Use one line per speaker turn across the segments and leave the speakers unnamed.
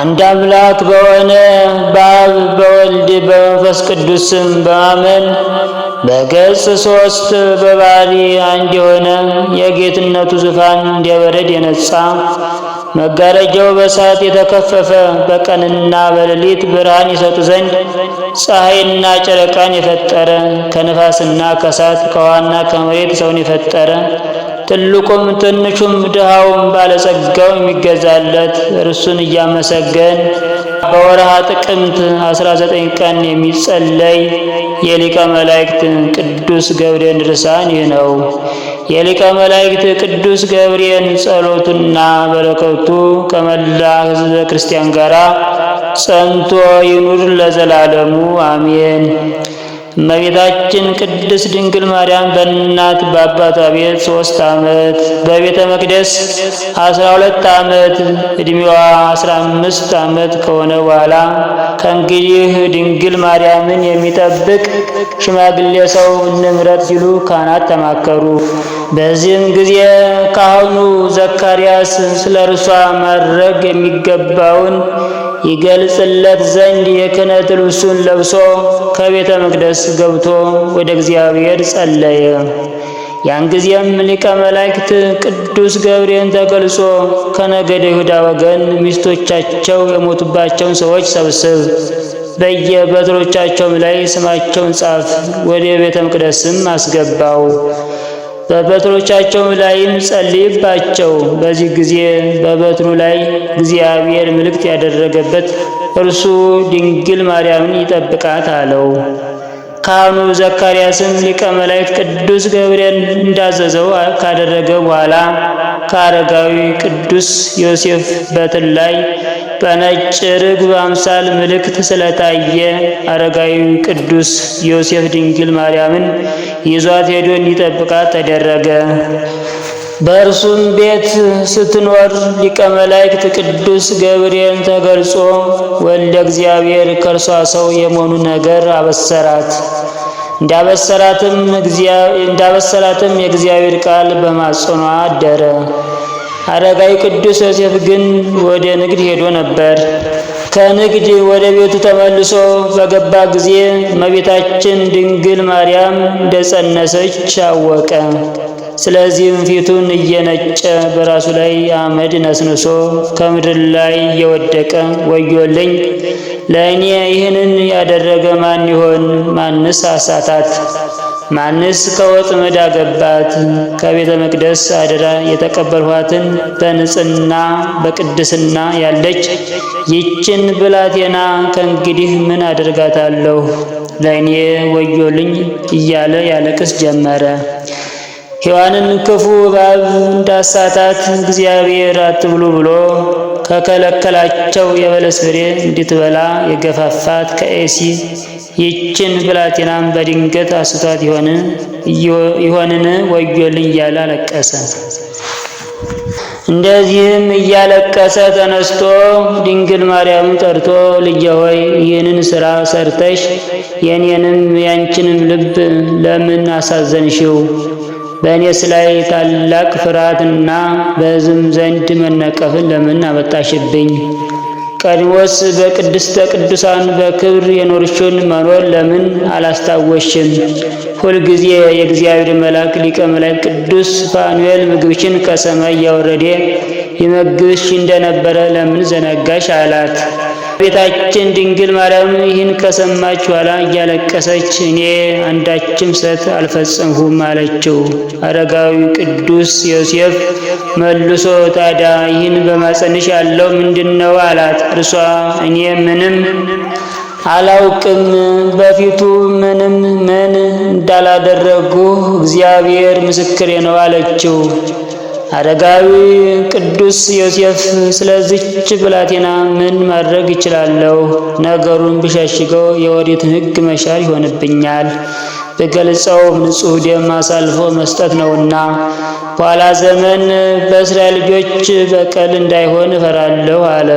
አንድ አምላክ በሆነ በአብ በወልድ በመንፈስ ቅዱስ ስም በማመን በገጽ ሶስት በባህሪ አንድ የሆነ የጌትነቱ ዙፋን እንዲያበረድ የነጻ መጋረጃው በሰዓት የተከፈፈ በቀንና በሌሊት ብርሃን ይሰጡ ዘንድ ፀሐይና ጨረቃን የፈጠረ ከንፋስና ከሳት ከዋና ከመሬት ሰውን የፈጠረ ትልቁም ትንሹም ድሃውም ባለጸጋው የሚገዛለት እርሱን እያመሰገን በወርሃ ጥቅምት 19 ቀን የሚጸለይ የሊቀ መላእክት ቅዱስ ገብርኤል ድርሳን ይህ ነው። የሊቀ መላእክት ቅዱስ ገብርኤል ጸሎቱና በረከቱ ከመላ ሕዝበ ክርስቲያን ጋራ ጸንቶ ይኑር ለዘላለሙ አሜን። እመቤታችን ቅድስት ድንግል ማርያም በእናት በአባቷ ቤት ሶስት ዓመት በቤተ መቅደስ አስራ ሁለት ዓመት ዕድሜዋ አስራ አምስት ዓመት ከሆነ በኋላ ከእንግዲህ ድንግል ማርያምን የሚጠብቅ ሽማግሌ ሰው እንምረጥ ሲሉ ካህናት ተማከሩ። በዚህም ጊዜ ካህኑ ዘካርያስ ስለ እርሷ ማድረግ የሚገባውን ይገልጽለት ዘንድ የክህነት ልብሱን ለብሶ ከቤተ መቅደስ ገብቶ ወደ እግዚአብሔር ጸለየ። ያን ጊዜም ሊቀ መላእክት ቅዱስ ገብርኤል ተገልጾ ከነገደ ይሁዳ ወገን ሚስቶቻቸው የሞቱባቸውን ሰዎች ሰብስብ፣ በየበትሮቻቸውም ላይ ስማቸውን ጻፍ፣ ወደ ቤተ መቅደስም አስገባው በበትሮቻቸውም ላይም ጸልይባቸው። በዚህ ጊዜ በበትሩ ላይ እግዚአብሔር ምልክት ያደረገበት እርሱ ድንግል ማርያምን ይጠብቃት አለው። ካህኑ ዘካርያስም ሊቀ መላእክት ቅዱስ ገብርኤል እንዳዘዘው ካደረገ በኋላ ከአረጋዊ ቅዱስ ዮሴፍ በትር ላይ በነጭ ርግብ አምሳል ምልክት ስለታየ አረጋዊ ቅዱስ ዮሴፍ ድንግል ማርያምን ይዟት ሄዶ እንዲጠብቃት ተደረገ። በእርሱም ቤት ስትኖር ሊቀ መላእክት ቅዱስ ገብርኤል ተገልጾ ወልደ እግዚአብሔር ከእርሷ ሰው የመሆኑ ነገር አበሰራት። እንዳበሰራትም የእግዚአብሔር ቃል በማጽኗ አደረ። አረጋዊ ቅዱስ ዮሴፍ ግን ወደ ንግድ ሄዶ ነበር። ከንግድ ወደ ቤቱ ተመልሶ በገባ ጊዜ እመቤታችን ድንግል ማርያም እንደጸነሰች አወቀ። ስለዚህም ፊቱን እየነጨ በራሱ ላይ አመድ ነስንሶ ከምድር ላይ እየወደቀ ወዮልኝ፣ ለእኔ ይህንን ያደረገ ማን ይሆን? ማንስ አሳታት? ማንስ ከወጥመድ አገባት? ከቤተ መቅደስ አደራ የተቀበልኋትን በንጽህና በቅድስና ያለች ይችን ብላቴና ከእንግዲህ ምን አደርጋታለሁ? ለእኔ ወዮልኝ እያለ ያለቅስ ጀመረ። ሔዋንን ክፉ እባብ እንዳሳታት እግዚአብሔር አትብሉ ብሎ ከከለከላቸው የበለስ ፍሬ እንድትበላ የገፋፋት ከኤሲ ይችን ብላቴናም በድንገት አስቷት ይሆንን ወዮልኝ እያለ አለቀሰ። እንደዚህም እያለቀሰ ተነስቶ ድንግል ማርያምን ጠርቶ ልጄ ሆይ ይህንን ስራ ሰርተሽ የእኔንም ያንቺንም ልብ ለምን አሳዘንሽው? በእኔስ ላይ ታላቅ ፍርሃትና በሕዝብም ዘንድ መነቀፍን ለምን አመጣሽብኝ? ቀድሞስ በቅድስተ ቅዱሳን በክብር የኖርሽውን መኖር ለምን አላስታወሽም? ሁልጊዜ የእግዚአብሔር መልአክ ሊቀ መላእክት ቅዱስ ፋኑኤል ምግብሽን ከሰማይ እያወረደ ይመግብሽ እንደነበረ ለምን ዘነጋሽ? አላት። ቤታችን ድንግል ማርያም ይህን ከሰማች ኋላ እያለቀሰች እኔ አንዳችም ስህተት አልፈጸምሁም አለችው። አረጋዊ ቅዱስ ዮሴፍ መልሶ ታዲያ ይህን በማጸንሽ ያለው ምንድን ነው አላት። እርሷ እኔ ምንም አላውቅም፣ በፊቱ ምንም ምን እንዳላደረጉ እግዚአብሔር ምስክሬ ነው አለችው። አረጋዊ ቅዱስ ዮሴፍ ስለዚች ብላቴና ምን ማድረግ ይችላለሁ? ነገሩን ብሸሽገው የወዴትን ሕግ መሻር ይሆንብኛል። ብገልጸውም ንጹሕ ደም አሳልፎ መስጠት ነውና በኋላ ዘመን በእስራኤል ልጆች በቀል እንዳይሆን እፈራለሁ አለ።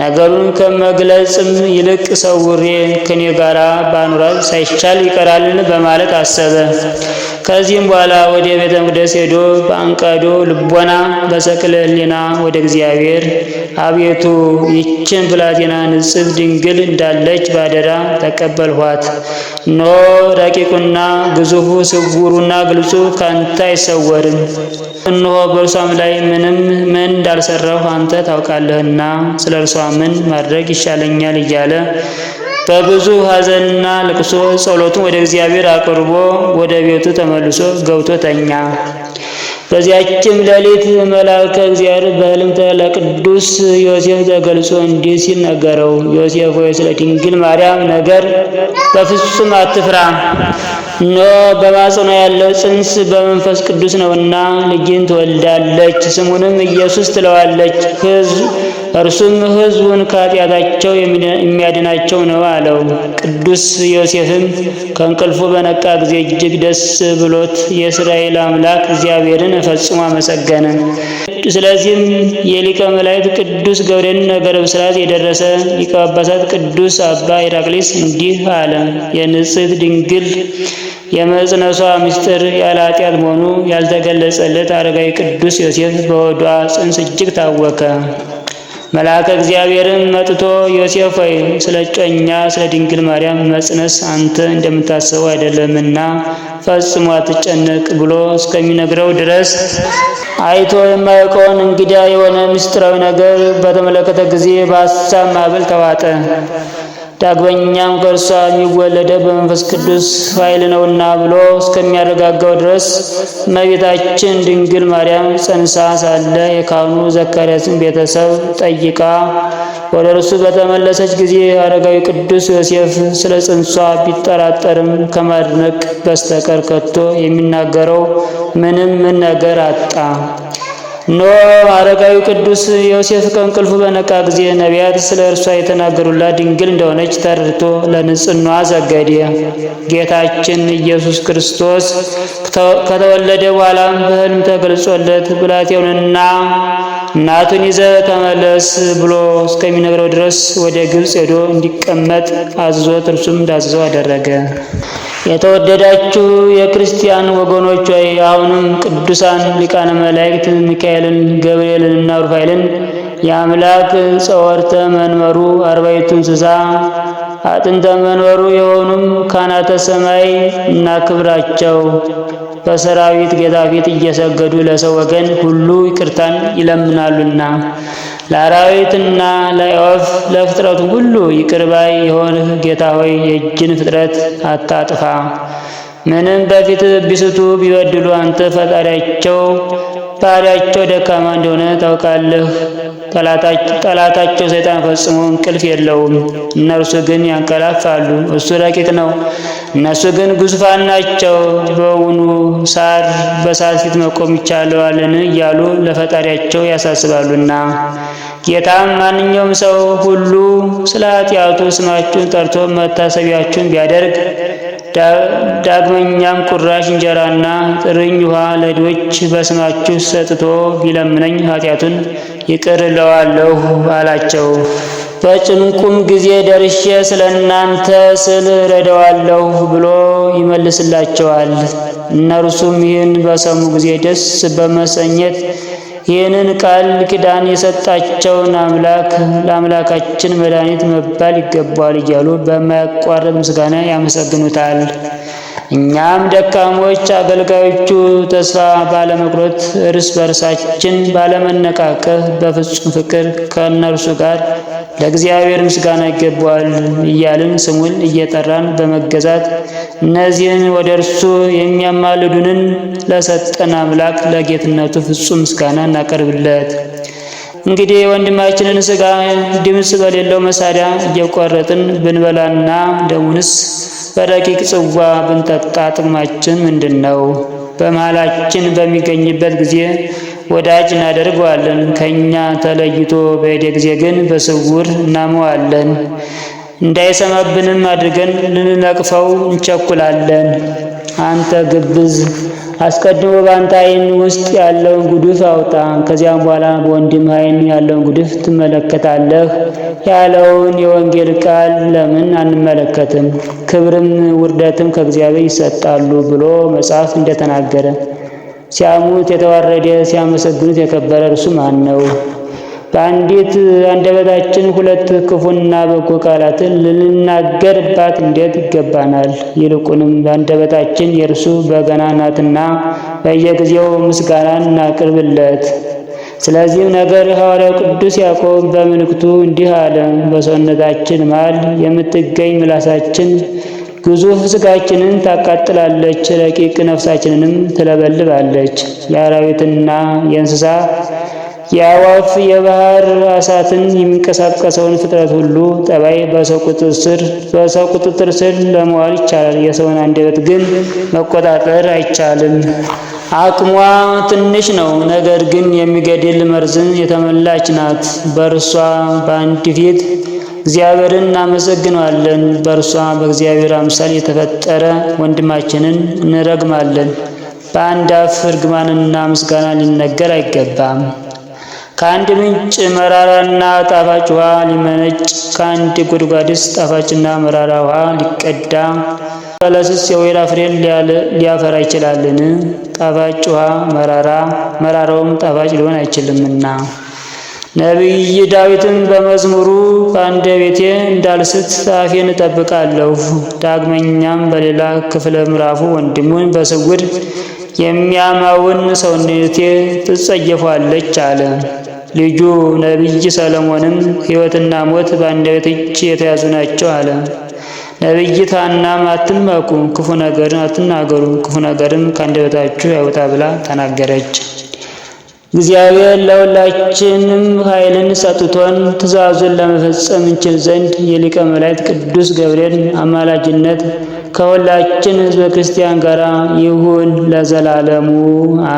ነገሩን ከመግለጽም ይልቅ ሰውሬ ከኔ ጋር ባኑራት ሳይቻል ይቀራልን በማለት አሰበ። ከዚህም በኋላ ወደ ቤተ መቅደስ ሄዶ በአንቀዶ ልቦና በሰቅለ ሕሊና ወደ እግዚአብሔር አቤቱ ይችን ብላቴና ንጽሕት ድንግል እንዳለች ባደራ ተቀበልኋት። ኖ ረቂቅ ትልቁና ግዙፉ ስውሩና ግልጹ ካንተ አይሰወርም። እነሆ በእርሷም ላይ ምንም ምን እንዳልሰራሁ አንተ ታውቃለህና ስለ እርሷ ምን ማድረግ ይሻለኛል እያለ በብዙ ሐዘንና ልቅሶ ጸሎቱን ወደ እግዚአብሔር አቅርቦ ወደ ቤቱ ተመልሶ ገብቶ ተኛ። በዚያችም ሌሊት መልአከ እግዚአብሔር በሕልም ለቅዱስ ዮሴፍ ተገልጾ እንዲህ ሲል ነገረው። ዮሴፍ ሆይ ስለ ድንግል ማርያም ነገር በፍጹም አትፍራ። እነሆ በማጽኗ ያለው ጽንስ በመንፈስ ቅዱስ ነውና ልጅን ትወልዳለች፣ ስሙንም ኢየሱስ ትለዋለች እርሱም ሕዝቡን ከኃጢአታቸው የሚያድናቸው ነው አለው። ቅዱስ ዮሴፍም ከእንቅልፉ በነቃ ጊዜ እጅግ ደስ ብሎት የእስራኤል አምላክ እግዚአብሔርን ፈጽሞ አመሰገነ። ስለዚህም የሊቀ መላእክት ቅዱስ ገብርኤል ነገረ ብስራት የደረሰ ሊቀ ጳጳሳት ቅዱስ አባ ኢራቅሊስ እንዲህ አለ። የንጽሕት ድንግል የመጽነሷ ምስጢር ያለ ኃጢአት መሆኑ ያልተገለጸለት አረጋዊ ቅዱስ ዮሴፍ በሆዷ ጽንስ እጅግ ታወከ። መልአከ እግዚአብሔርም መጥቶ ዮሴፍ ሆይ ስለ እጮኛ ስለ ድንግል ማርያም መጽነስ አንተ እንደምታስበው አይደለምና ፈጽሞ አትጨነቅ ብሎ እስከሚነግረው ድረስ አይቶ የማያውቀውን እንግዳ የሆነ ምስጢራዊ ነገር በተመለከተ ጊዜ በሀሳብ ማዕበል ተዋጠ። ዳግመኛም ከእርሷ የሚወለደ በመንፈስ ቅዱስ ኃይል ነውና ብሎ እስከሚያረጋጋው ድረስ እመቤታችን ድንግል ማርያም ጸንሳ ሳለ የካህኑ ዘካርያስን ቤተሰብ ጠይቃ ወደ እርሱ በተመለሰች ጊዜ አረጋዊ ቅዱስ ዮሴፍ ስለ ጽንሷ ቢጠራጠርም ከማድነቅ በስተቀር ከቶ የሚናገረው ምንም ምን ነገር አጣ። ኖ! አረጋዊ ቅዱስ ዮሴፍ ከእንቅልፉ በነቃ ጊዜ ነቢያት ስለ እርሷ የተናገሩላት ድንግል እንደሆነች ተረድቶ ለንጽኗ ሰገደ። ጌታችን ኢየሱስ ክርስቶስ ከተወለደ በኋላም በሕልም ተገልጾለት ብላቴውንና እናቱን ይዘ ተመለስ ብሎ እስከሚነግረው ድረስ ወደ ግብፅ ሄዶ እንዲቀመጥ አዝዞት እርሱም እንዳዘዘው አደረገ። የተወደዳችሁ የክርስቲያን ወገኖች ሆይ አሁንም ቅዱሳን ሊቃነ መላእክት ሚካኤልን፣ ገብርኤልን እና ሩፋኤልን የአምላክ ጸወርተ መንበሩ አርባዕቱ እንስሳ አጥንተ መንበሩ የሆኑም ካህናተ ሰማይ እና ክብራቸው በሰራዊት ጌታ ፊት እየሰገዱ ለሰው ወገን ሁሉ ይቅርታን ይለምናሉና ለአራዊትና ለወፍ ለፍጥረቱ ሁሉ ይቅርባይ የሆንህ ጌታ ሆይ የእጅን ፍጥረት አታጥፋ። ምንም በፊት ቢስቱ ቢበድሉ አንተ ፈጣሪያቸው ባህሪያቸው ደካማ እንደሆነ ታውቃለህ። ጠላታቸው ሰይጣን ፈጽሞ እንቅልፍ የለውም። እነርሱ ግን ያንቀላፋሉ። እሱ ረቂቅ ነው፣ እነሱ ግን ግዙፋን ናቸው። በውኑ ሳር በሳት ፊት መቆም ይቻለዋልን? እያሉ ለፈጣሪያቸው ያሳስባሉና ጌታም ማንኛውም ሰው ሁሉ ስለ ኃጢአቱ ስማችሁን ጠርቶ መታሰቢያችሁን ቢያደርግ ዳግመኛም ቁራሽ እንጀራና ጥርኝ ውሃ ለድሆች በስማችሁ ሰጥቶ ቢለምነኝ ኃጢአቱን ይቅር እለዋለሁ አላቸው። በጭንቁም ጊዜ ደርሼ ስለ እናንተ ስል ረደዋለሁ ብሎ ይመልስላቸዋል። እነርሱም ይህን በሰሙ ጊዜ ደስ በመሰኘት ይህንን ቃል ኪዳን የሰጣቸውን አምላክ ለአምላካችን መድኃኒት መባል ይገባዋል እያሉ በማያቋርጥ ምስጋና ያመሰግኑታል። እኛም ደካሞች አገልጋዮቹ ተስፋ ባለመቁረጥ እርስ በርሳችን ባለመነቃቀፍ በፍጹም ፍቅር ከእነርሱ ጋር ለእግዚአብሔር ምስጋና ይገባዋል እያልን ስሙን እየጠራን በመገዛት እነዚህን ወደ እርሱ የሚያማልዱንን ለሰጠን አምላክ ለጌትነቱ ፍጹም ምስጋና እናቀርብለት። እንግዲህ ወንድማችንን ስጋ ድምፅ በሌለው መሳሪያ እየቆረጥን ብንበላና ደሙንስ በረቂቅ ጽዋ ብንጠጣ ጥቅማችን ምንድን ነው? በመሃላችን በሚገኝበት ጊዜ ወዳጅ እናደርገዋለን። ከእኛ ተለይቶ በሄደ ጊዜ ግን በስውር እናመዋለን። እንዳይሰማብንም አድርገን ልንነቅፈው እንቸኩላለን። አንተ ግብዝ አስቀድሞ በአንተ ዓይን ውስጥ ያለውን ጉድፍ አውጣ፣ ከዚያም በኋላ በወንድም ዓይን ያለውን ጉድፍ ትመለከታለህ ያለውን የወንጌል ቃል ለምን አንመለከትም? ክብርም ውርደትም ከእግዚአብሔር ይሰጣሉ ብሎ መጽሐፍ እንደተናገረ ሲያሙት የተዋረደ ሲያመሰግኑት የከበረ እርሱ ማን ነው? በአንዲት አንደበታችን ሁለት ክፉና በጎ ቃላትን ልናገርባት እንዴት ይገባናል? ይልቁንም አንደበታችን የእርሱ በገና ናትና በየጊዜው ምስጋናን እናቅርብለት። ስለዚህም ነገር ሐዋርያው ቅዱስ ያዕቆብ በምልክቱ እንዲህ አለ። በሰውነታችን መሃል የምትገኝ ምላሳችን ግዙፍ ስጋችንን ታቃጥላለች፣ ረቂቅ ነፍሳችንንም ትለበልባለች። የአራዊትና የእንስሳ የአዋፍ የባህር አሳትን የሚንቀሳቀሰውን ፍጥረት ሁሉ ጠባይ በሰው ቁጥጥር ስር በሰው ቁጥጥር ስር ለመዋል ይቻላል። የሰውን አንደበት ግን መቆጣጠር አይቻልም። አቅሟ ትንሽ ነው፣ ነገር ግን የሚገድል መርዝን የተመላች ናት። በእርሷ በአንድ ፊት እግዚአብሔርን እናመሰግነዋለን። በእርሷ በእግዚአብሔር አምሳል የተፈጠረ ወንድማችንን እንረግማለን። በአንድ አፍ እርግማንና ምስጋና ሊነገር አይገባም። ከአንድ ምንጭ መራራና ጣፋጭ ውሃ ሊመነጭ ከአንድ ጉድጓድስ ጣፋጭና መራራ ውሃ ሊቀዳ በለስስ የወይራ ፍሬን ሊያፈራ ይችላልን? ጣፋጭ ውሃ መራራ፣ መራራውም ጣፋጭ ሊሆን አይችልምና። ነቢይ ዳዊትም በመዝሙሩ ቤቴ እንዳልስት አፌን እጠብቃለሁ። ዳግመኛም በሌላ ክፍለ ምዕራፉ ወንድሙን በስውር የሚያማውን ሰውነቴ ትጸየፏለች አለ። ልጁ ነቢይ ሰለሞንም ሕይወትና ሞት በአንደበት እጅ የተያዙ ናቸው አለ። ነቢይ ሐናም አትመኩ፣ ክፉ ነገርን አትናገሩ፣ ክፉ ነገርም ከአንደበታችሁ ያውጣ ብላ ተናገረች። እግዚአብሔር ለሁላችንም ኃይልን ሰጥቶን ትእዛዙን ለመፈጸም እንችል ዘንድ የሊቀ መላእክት ቅዱስ ገብርኤል አማላጅነት ከሁላችን ሕዝበ ክርስቲያን ጋር ይሁን ለዘላለሙ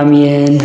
አሜን።